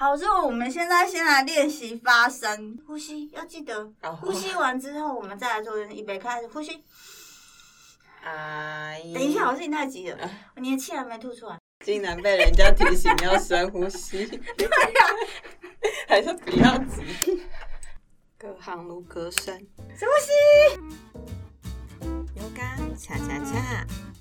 好，之後我們現在先來練習發聲，呼吸要記得，oh. 呼吸完之後我們再來做預備開始，呼吸。哎、uh...，等一下，我事情太急了，uh... 我的氣還沒吐出來，竟然被人家提醒要深呼吸，對呀，還是不要急， 隔行如隔山，深呼吸，友間恰恰恰。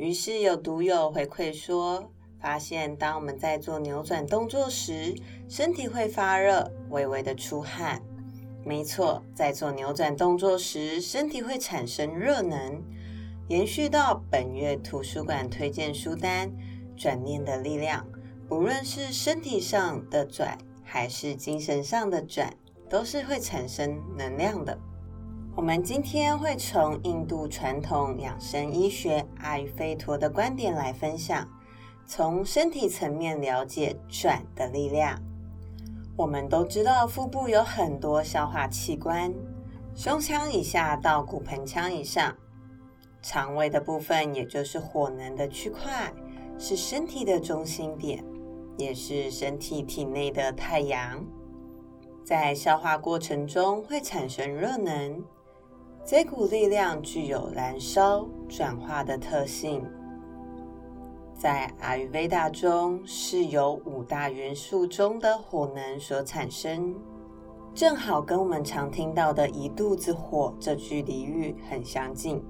於是有讀友回饋說，發現當我們在做扭轉動作時，身體會發熱，微微的出汗。沒錯，在做扭轉動作時，身體會產生熱能。延續到本月圖書館推薦書單，《轉念的力量》，不論是身體上的轉，還是精神上的轉，都是會產生能量的。我們今天會從印度傳統養生醫學阿育吠陀的觀點來分享，從身體層面了解轉的力量。我們都知道，腹部有很多消化器官，胸腔以下到骨盆腔以上，腸胃的部分也就是火能的區塊，是身體的中心點，也是身體體內的太陽，在消化過程中會產生熱能。這股力量具有燃燒轉化的特性，在阿育吠陀中是由五大元素中的火能所產生，正好跟我們常聽到的一肚子火這句俚語很相近。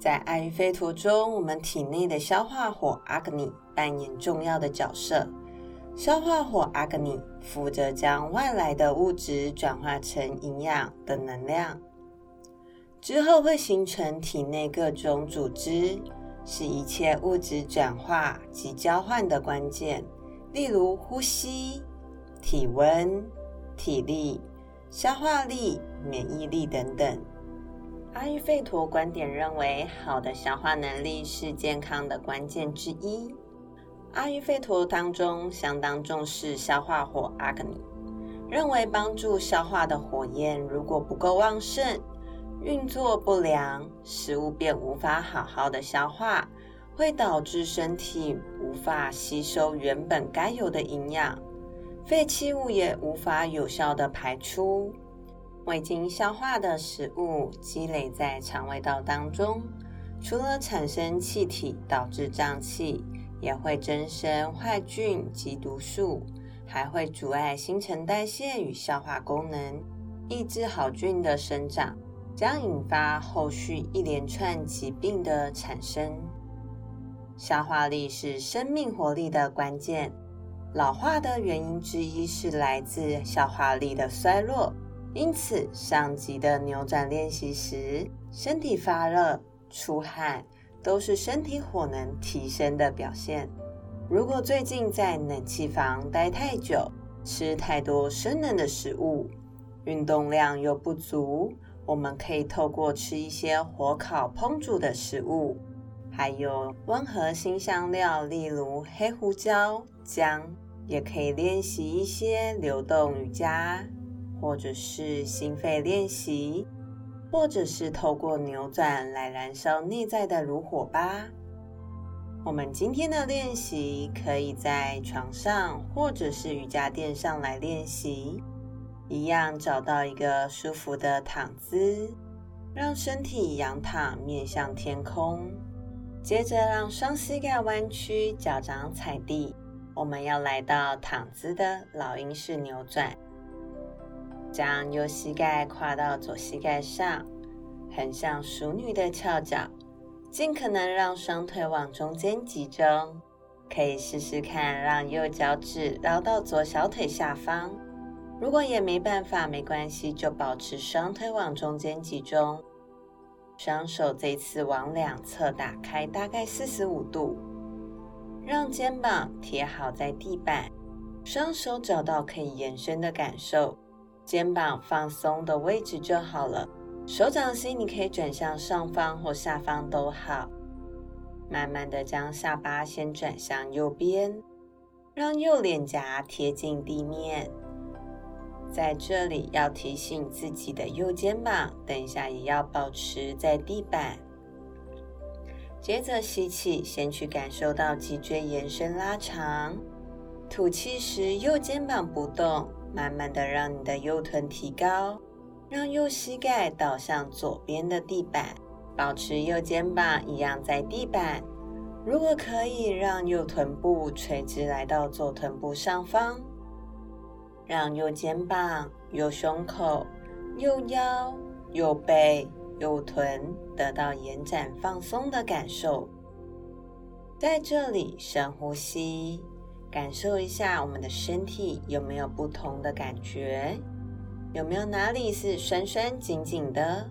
在阿育吠陀中，我們體內的消化火阿格尼扮演重要的角色，消化火阿格尼負責將外來的物質轉化成營養的能量。之後會形成體內各種組織，是一切物質轉化及交換的關鍵，例如呼吸、體溫、體力、消化力、免疫力等等。阿育吠陀觀點認為，好的消化能力是健康的關鍵之一。阿育吠陀當中相當重視消化火阿格尼，認為幫助消化的火焰如果不夠旺盛，運作不良，食物便無法好好的消化，會導致身體無法吸收原本該有的營養，廢棄物也無法有效的排出，未經消化的食物積累在腸胃道當中，除了產生氣體導致脹氣，也會增生壞菌及毒素，還會阻礙新陳代謝與消化功能，抑制好菌的生長。將引發後續一連串疾病的產生。消化力是生命活力的關鍵。老化的原因之一是來自消化力的衰弱。因此，上集的扭轉練習時，身體發熱、出汗，都是身體火能提升的表現。如果最近在冷氣房待太久，吃太多生冷的食物，運動量又不足。我們可以透過吃一些火烤烹煮的食物，還有溫和辛香料，例如黑胡椒、薑，也可以練習一些流動瑜伽，或者是心肺練習，或者是透過扭轉來燃燒內在的爐火吧。我們今天的練習可以在床上或者是瑜伽墊上來練習。一樣找到一個舒服的躺姿，讓身體仰躺面向天空。接着讓雙膝蓋彎曲，腳掌踩地。我們要來到躺姿的老鷹式扭轉，將右膝蓋跨到左膝蓋上，很像淑女的翹腳，盡可能讓雙腿往中間集中。可以試試看，讓右腳趾繞到左小腿下方。如果也沒辦法，沒關係，就保持雙腿往中間集中，雙手這次往兩側打開，大概四十五度，讓肩膀貼好在地板，雙手找到可以延伸的感受，肩膀放鬆的位置就好了。手掌心你可以轉向上方或下方都好，慢慢的將下巴先轉向右邊，讓右臉頰貼近地面。在這裡要提醒自己的右肩膀，等一下也要保持在地板。接着吸氣，先去感受到脊椎延伸拉長。吐氣時右肩膀不動，慢慢的讓你的右臀提高，讓右膝蓋倒向左邊的地板，保持右肩膀一樣在地板。如果可以讓右臀部垂直來到左臀部上方。讓右肩膀、右胸口、右腰、右背、右臀得到延展放鬆的感受。在這裡深呼吸，感受一下我們的身體有沒有不同的感覺，有沒有哪裡是酸酸緊緊的，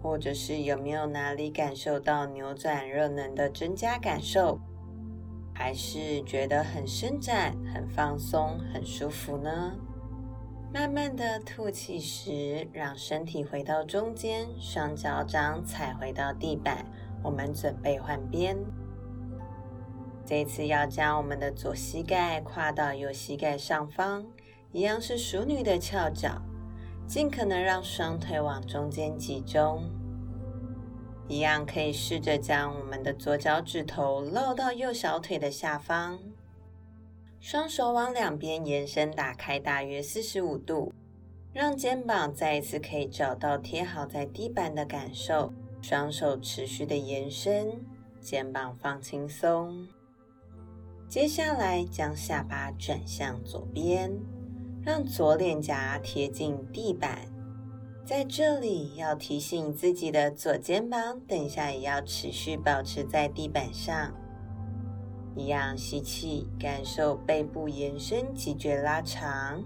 或者是有沒有哪裡感受到扭轉熱能的增加感受，還是覺得很伸展，很放鬆，很舒服呢？慢慢的吐氣時，讓身體回到中間，雙腳掌踩回到地板。我們準備換邊，這次要將我們的左膝蓋跨到右膝蓋上方，一樣是淑女的翹腳，盡可能讓雙腿往中間集中。一樣可以試着將我們的左腳趾頭落到右小腿的下方，雙手往兩邊延伸，打開大約四十五度，讓肩膀再一次可以找到貼好在地板的感受。雙手持續的延伸，肩膀放輕鬆。接下來將下巴轉向左邊，讓左臉頰貼近地板。在這裡要提醒自己的左肩膀，等一下也要持續保持在地板上。一樣吸氣，感受背部延伸、脊椎拉長；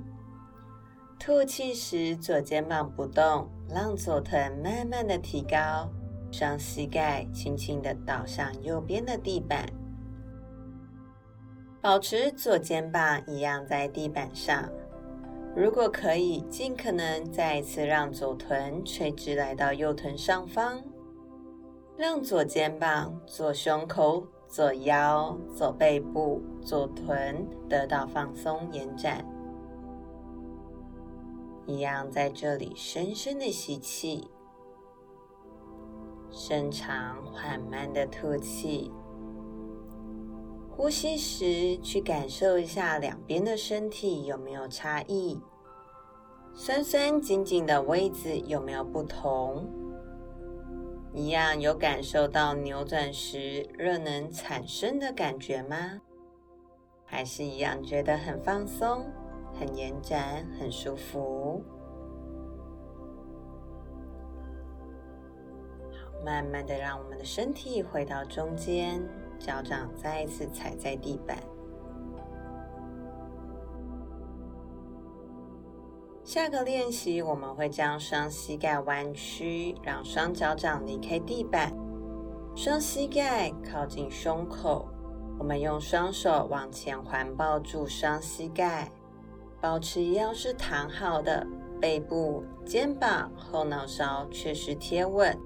吐氣時左肩膀不動，讓左臀慢慢的提高，雙膝蓋輕輕的倒向右邊的地板，保持左肩膀一樣在地板上。如果可以，盡可能再一次讓左臀垂直來到右臀上方，讓左肩膀、左胸口、左腰、左背部、左臀得到放鬆延展。一樣在這裡深深的吸氣，深長緩慢的吐氣。呼吸時，去感受一下兩邊的身體有沒有差異，酸酸緊緊的位置有沒有不同？一樣有感受到扭轉時熱能產生的感覺嗎？還是一樣覺得很放鬆、很延展、很舒服？好，慢慢的讓我們的身體回到中間。腳掌再一次踩在地板。下個練習，我們會將雙膝蓋彎曲，讓雙腳掌離開地板，雙膝蓋靠近胸口。我們用雙手往前環抱住雙膝蓋，保持一樣是躺好的，背部、肩膀、後腦勺確實貼穩。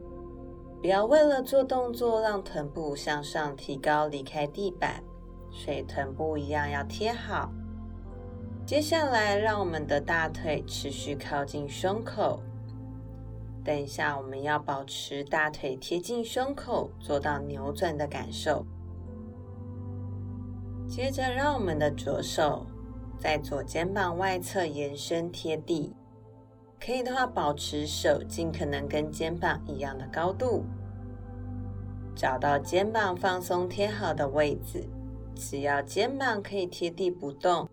不要為了做動作讓臀部向上提高離開地板，所以臀部一樣要貼好。接下來讓我們的大腿持續靠近胸口，等一下我們要保持大腿貼近胸口，做到扭轉的感受。接着讓我們的左手在左肩膀外側延伸貼地。可以的話，保持手盡可能跟肩膀一樣的高度，找到肩膀放鬆貼好的位置。只要肩膀可以貼地不動，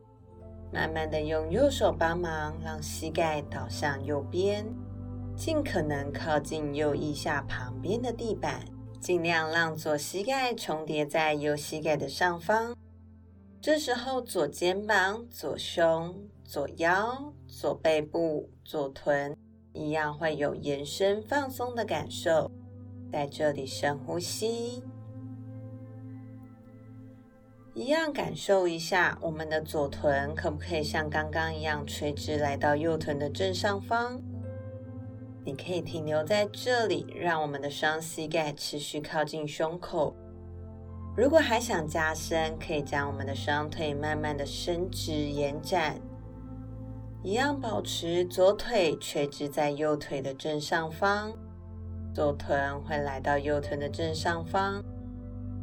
慢慢的用右手幫忙，讓膝蓋倒向右邊，盡可能靠近右腋下旁邊的地板，盡量讓左膝蓋重疊在右膝蓋的上方。這時候左肩膀、左胸、左腰。左背部、左臀一樣會有延伸放鬆的感受，在這裡深呼吸，一樣感受一下我們的左臀可不可以像剛剛一樣垂直來到右臀的正上方。你可以停留在這裡，讓我們的雙膝蓋持續靠近胸口。如果還想加深，可以將我們的雙腿慢慢的伸直延展。一樣保持左腿垂直在右腿的正上方，左臀會來到右臀的正上方，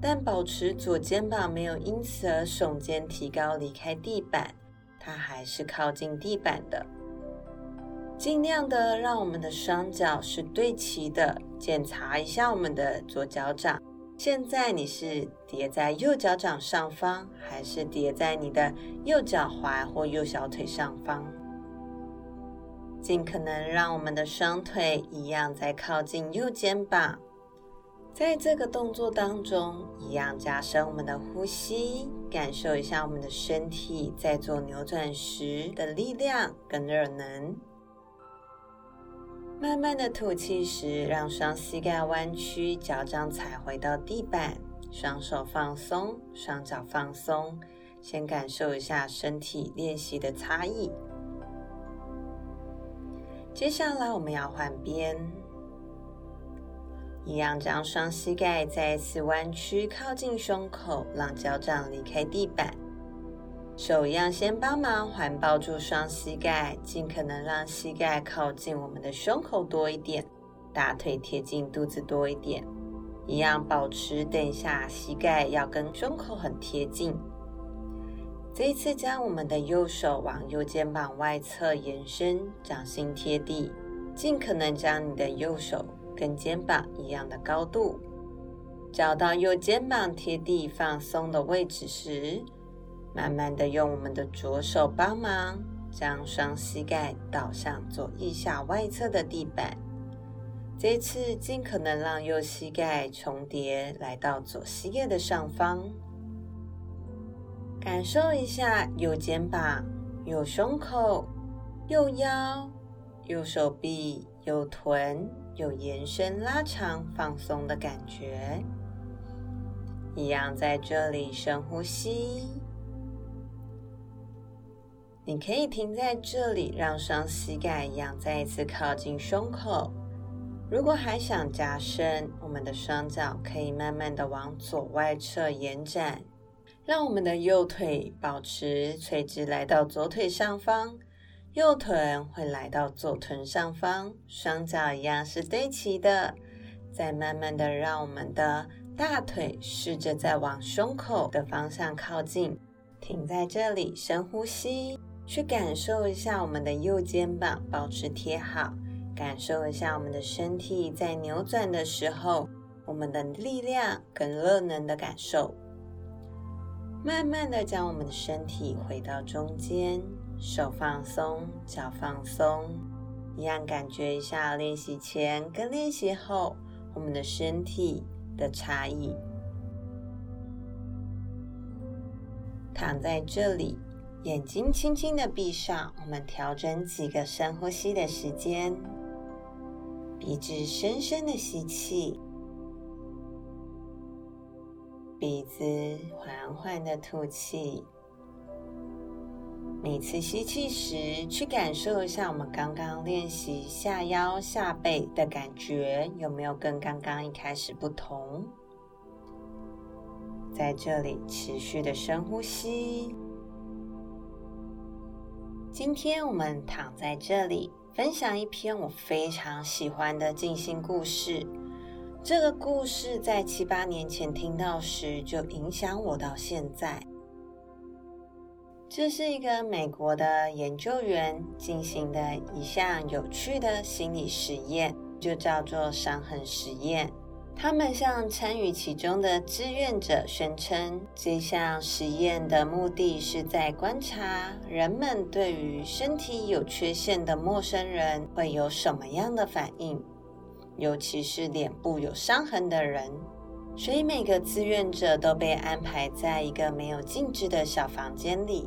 但保持左肩膀沒有因此而聳肩提高離開地板，它還是靠近地板的。盡量的讓我們的雙腳是對齊的，檢查一下我們的左腳掌。現在你是疊在右腳掌上方，還是疊在你的右腳踝或右小腿上方？盡可能讓我們的雙腿一樣在靠近右肩膀，在這個動作當中，一樣加深我們的呼吸，感受一下我們的身體在做扭轉時的力量跟熱能。慢慢的吐氣時，讓雙膝蓋彎曲，腳掌踩回到地板，雙手放鬆，雙腳放鬆，先感受一下身體練習的差異。接下來我們要換邊，一樣將雙膝蓋再一次彎曲靠近胸口，讓腳掌離開地板。手一樣先幫忙環抱住雙膝蓋，盡可能讓膝蓋靠近我們的胸口多一點，大腿貼近肚子多一點。一樣保持，等一下膝蓋要跟胸口很貼近。這一次，將我們的右手往右肩膀外側延伸，掌心貼地，儘可能將你的右手跟肩膀一樣的高度，找到右肩膀貼地放鬆的位置時，慢慢的用我們的左手幫忙，將雙膝蓋倒向左腋下外側的地板。這次，儘可能讓右膝蓋重疊，來到左膝蓋的上方。感受一下右肩膀、右胸口、右腰、右手臂、右臀有延伸拉長放鬆的感覺。一樣在這裡深呼吸。你可以停在這裡，讓雙膝蓋一樣再一次靠近胸口。如果還想加深，我們的雙腳可以慢慢的往左外側延展。讓我們的右腿保持垂直，來到左腿上方，右臀會來到左臀上方，雙腳一樣是對齊的。再慢慢的讓我們的大腿試着再往胸口的方向靠近，停在這裡，深呼吸，去感受一下我們的右肩膀保持貼好，感受一下我們的身體在扭轉的時候，我們的力量跟熱能的感受。慢慢的將我們的身體回到中間，手放鬆，腳放鬆，一樣感覺一下練習前跟練習後我們的身體的差異。躺在這裡，眼睛輕輕的閉上，我們調整幾個深呼吸的時間，鼻子深深的吸氣。鼻子緩緩的吐氣，每次吸氣時，去感受一下我們剛剛練習下腰下背的感覺，有沒有跟剛剛一開始不同？在這裡持續的深呼吸。今天我們躺在這裡，分享一篇我非常喜歡的靜心故事。這個故事在七八年前聽到時就影響我到現在。這是一個美國的研究員進行的一項有趣的心理實驗，就叫做“傷痕實驗”。他們向參與其中的志願者宣稱，這項實驗的目的是在觀察人們對於身體有缺陷的陌生人會有什麼樣的反應。尤其是臉部有傷痕的人，所以每個志願者都被安排在一個沒有鏡子的小房間裡。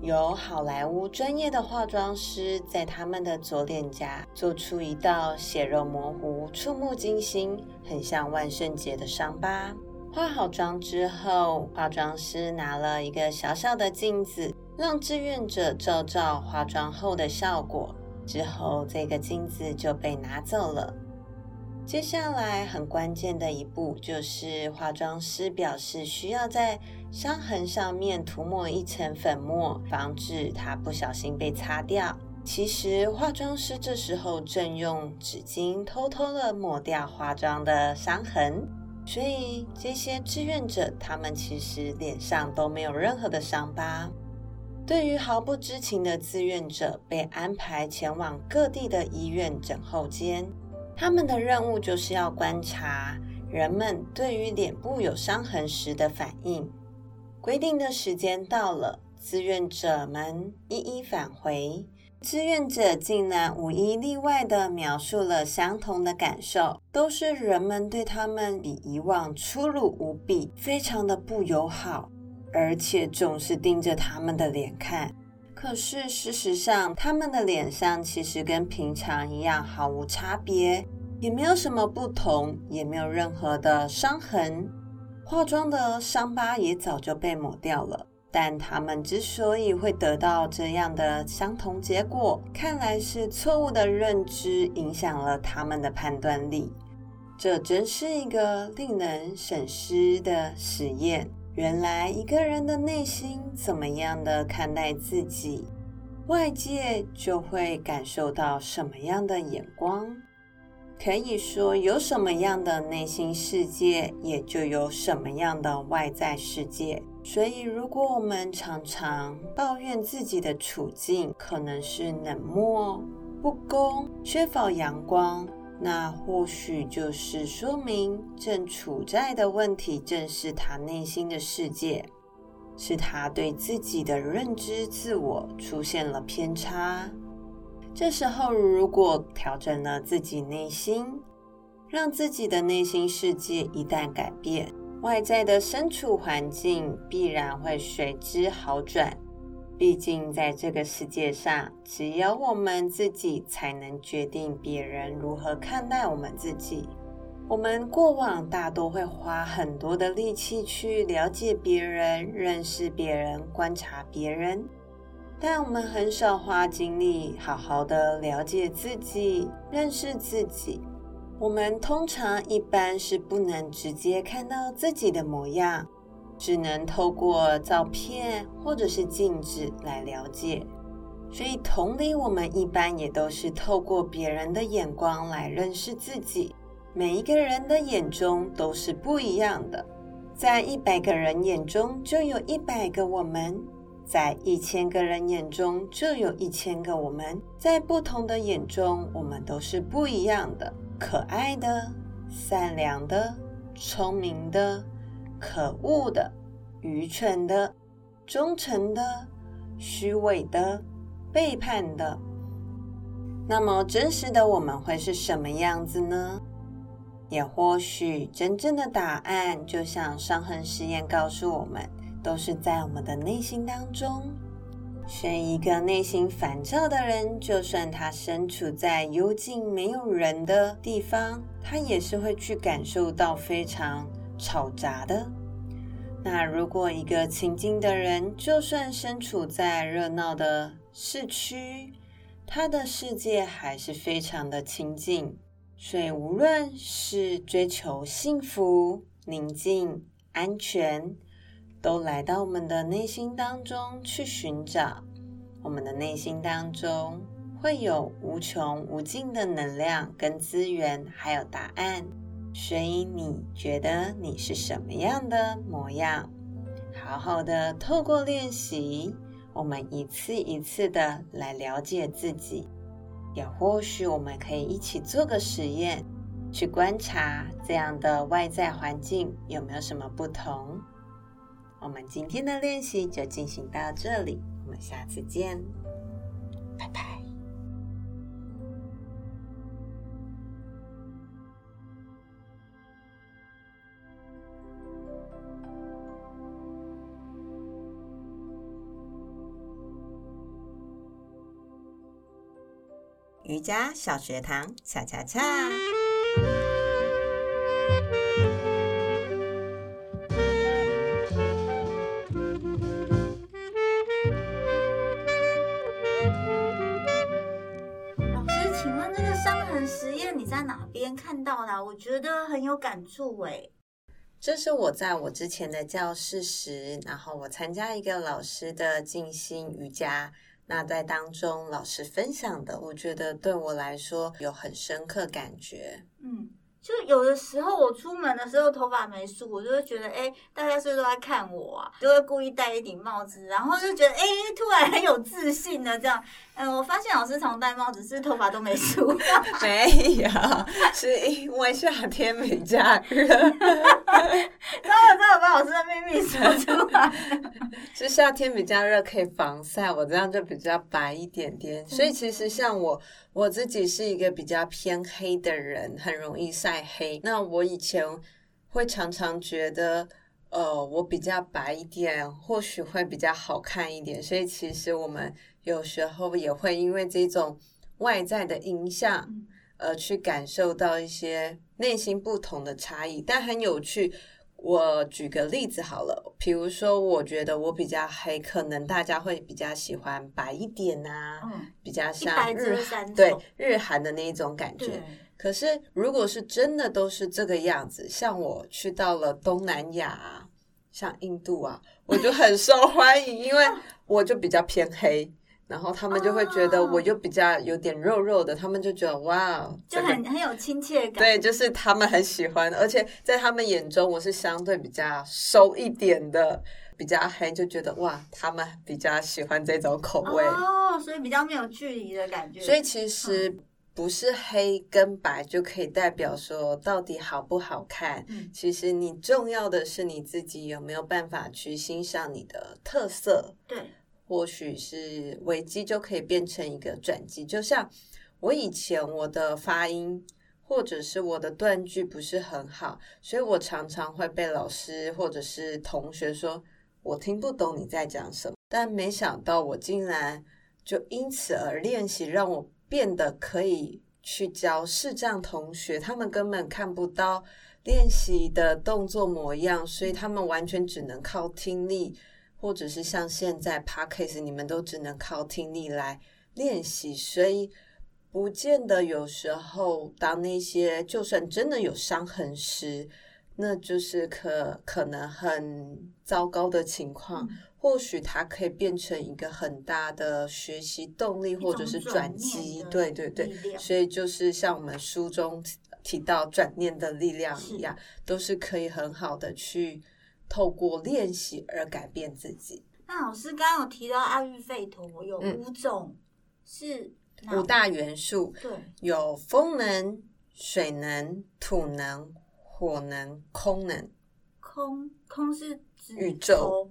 有好萊塢專業的化妝師在他們的左臉頰做出一道血肉模糊、觸目驚心，很像萬聖節的傷疤。化好妝之後，化妝師拿了一個小小的鏡子，讓志願者照照化妝後的效果。之後，這個鏡子就被拿走了。接下來很關鍵的一步，就是化妝師表示需要在傷痕上面塗抹一層粉末，防止它不小心被擦掉。其實化妝師這時候正用紙巾偷偷地抹掉化妝的傷痕，所以這些志願者他們其實臉上都沒有任何的傷疤。對於毫不知情的志願者，被安排前往各地的醫院候診間。他們的任務就是要觀察人們對於臉部有傷痕時的反應。規定的時間到了，志願者們一一返回。志願者竟然無一例外地描述了相同的感受，都是人們對他們比以往粗魯無比，非常的不友好，而且總是盯着他們的臉看。可是，事實上，他們的臉上其實跟平常一樣毫無差別，也沒有什麼不同，也沒有任何的傷痕，化妝的傷疤也早就被抹掉了。但他們之所以會得到這樣的相同結果，看來是錯誤的認知影響了他們的判斷力。這真是一個令人省思的實驗。原來一個人的內心怎麼樣的看待自己，外界就會感受到什麼樣的眼光。可以說，有什麼樣的內心世界，也就有什麼樣的外在世界。所以，如果我們常常抱怨自己的處境，可能是冷漠、不公、缺乏陽光。那或許就是說明，正處在的問題正是他內心的世界，是他對自己的認知自我出現了偏差。這時候，如果調整了自己內心，讓自己的內心世界一旦改變，外在的身處環境必然會隨之好轉。畢竟，在這個世界上，只有我們自己才能決定別人如何看待我們自己。我們過往大多會花很多的力氣去了解別人、認識別人、觀察別人，但我們很少花精力好好的了解自己、認識自己。我們通常一般是不能直接看到自己的模樣。只能透過照片或者是鏡子來了解，所以同理，我們一般也都是透過別人的眼光來認識自己。每一個人的眼中都是不一樣的，在一百個人眼中就有一百個我們，在一千個人眼中就有一千個我們。在不同的眼中，我們都是不一樣的，可愛的、善良的、聰明的。可惡的、愚蠢的、忠誠的、虛偽的、背叛的。那麼真實的我們會是什麼樣子呢？也或許真正的答案，就像傷痕實驗告訴我們，都是在我們的內心當中。選一個內心煩躁的人，就算他身處在幽靜沒有人的地方，他也是會去感受到非常。吵雜的。那如果一個清淨的人，就算身處在熱鬧的市區，他的世界還是非常的清淨。所以，無論是追求幸福、寧靜、安全，都來到我們的內心當中去尋找。我們的內心當中會有無窮無盡的能量跟資源，還有答案。所以你覺得你是什麼樣的模樣？好好的透過練習，我們一次一次的來了解自己。也或許我們可以一起做個實驗，去觀察這樣的外在環境有沒有什麼不同。我們今天的練習就進行到這裡，我們下次見，拜拜。瑜伽小學堂，小恰恰。老師，請問那個傷痕實驗你在哪邊看到的？我覺得很有感觸哎、欸。這是我在我之前的教室時，然後我參加一個老師的靜心瑜伽。那在當中，老師分享的，我覺得對我來說有很深刻感覺。嗯。就有的時候我出門的時候頭髮沒梳，我就會覺得哎、欸，大家是不是都在看我啊？就會故意戴一頂帽子，然後就覺得哎、欸，突然很有自信的這樣。嗯，我發現老師常戴帽子，是，是頭髮都沒梳 沒有，是因為夏天比較熱。終於，終於把老師的秘密說出來 是夏天比較熱，可以防曬，我這樣就比較白一點點。所以，其實像我。 我自己是一個比較偏黑的人，很容易曬黑。那我以前會常常覺得，呃，我比較白一點，或許會比較好看一點。所以其實我們有時候也會因為這種外在的影響，而去感受到一些內心不同的差異。但很有趣。我舉個例子好了，比如說，我覺得我比較黑，可能大家會比較喜歡白一點啊，嗯、比較像日韓，對日韓的那種感覺。嗯、可是，如果是真的都是這個樣子，像我去到了東南亞，啊，像印度啊，我就很受歡迎。 因為我就比較偏黑。然後他們就會覺得我又比較有點肉肉的，他們就覺得哇，就很、這個、很有親切感。對，就是他們很喜歡，而且在他們眼中我是相對比較瘦一點的，比較黑，就覺得哇，他們比較喜歡這種口味哦，所以比較沒有距離的感覺。所以其實不是黑跟白就可以代表說到底好不好看。嗯，其實你重要的是你自己有沒有辦法去欣賞你的特色。對。或許是危機就可以變成一個轉機，就像我以前我的發音或者是我的斷句不是很好，所以我常常會被老師或者是同學說，我聽不懂你在講什麼。但沒想到我竟然就因此而練習，讓我變得可以去教視障同學，他們根本看不到練習的動作模樣，所以他們完全只能靠聽力。或者是像現在 podcast 你們都只能靠聽力來練習，所以不見得。有時候，當那些就算真的有傷痕時，那就是可可能很糟糕的情況，嗯。或許它可以變成一個很大的學習動力，或者是轉機。對對對，所以就是像我們書中提到轉念的力量一樣，是都是可以很好的去。透過練習而改變自己。那老師剛剛有提到阿育吠陀有五種是五大元素，對，有風能、水能、土能、火能、空能。空空是指宇宙、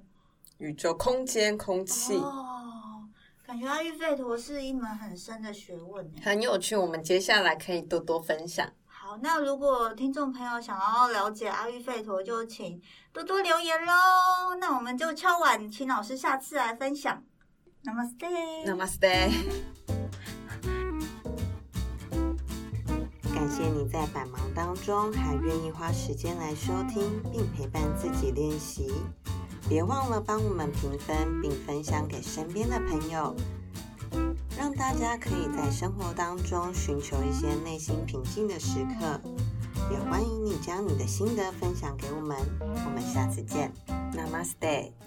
宇宙空間、空氣。哦，感覺阿育吠陀是一門很深的學問，很有趣。我們接下來可以多多分享。那如果聽眾朋友想要了解阿育吠陀，就請多多留言嘍。那我們就敲碗，請老師下次來分享。Namaste，Namaste Namaste。感謝你在百忙當中還願意花時間來收聽並陪伴自己練習。別忘了幫我們評分並分享給身邊的朋友。讓大家可以在生活當中尋求一些內心平靜的時刻，也歡迎你將你的心得分享給我們。我們下次見，Namaste。